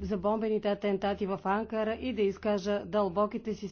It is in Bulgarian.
за бомбените атентати в Анкара и да изкажа дълбоките си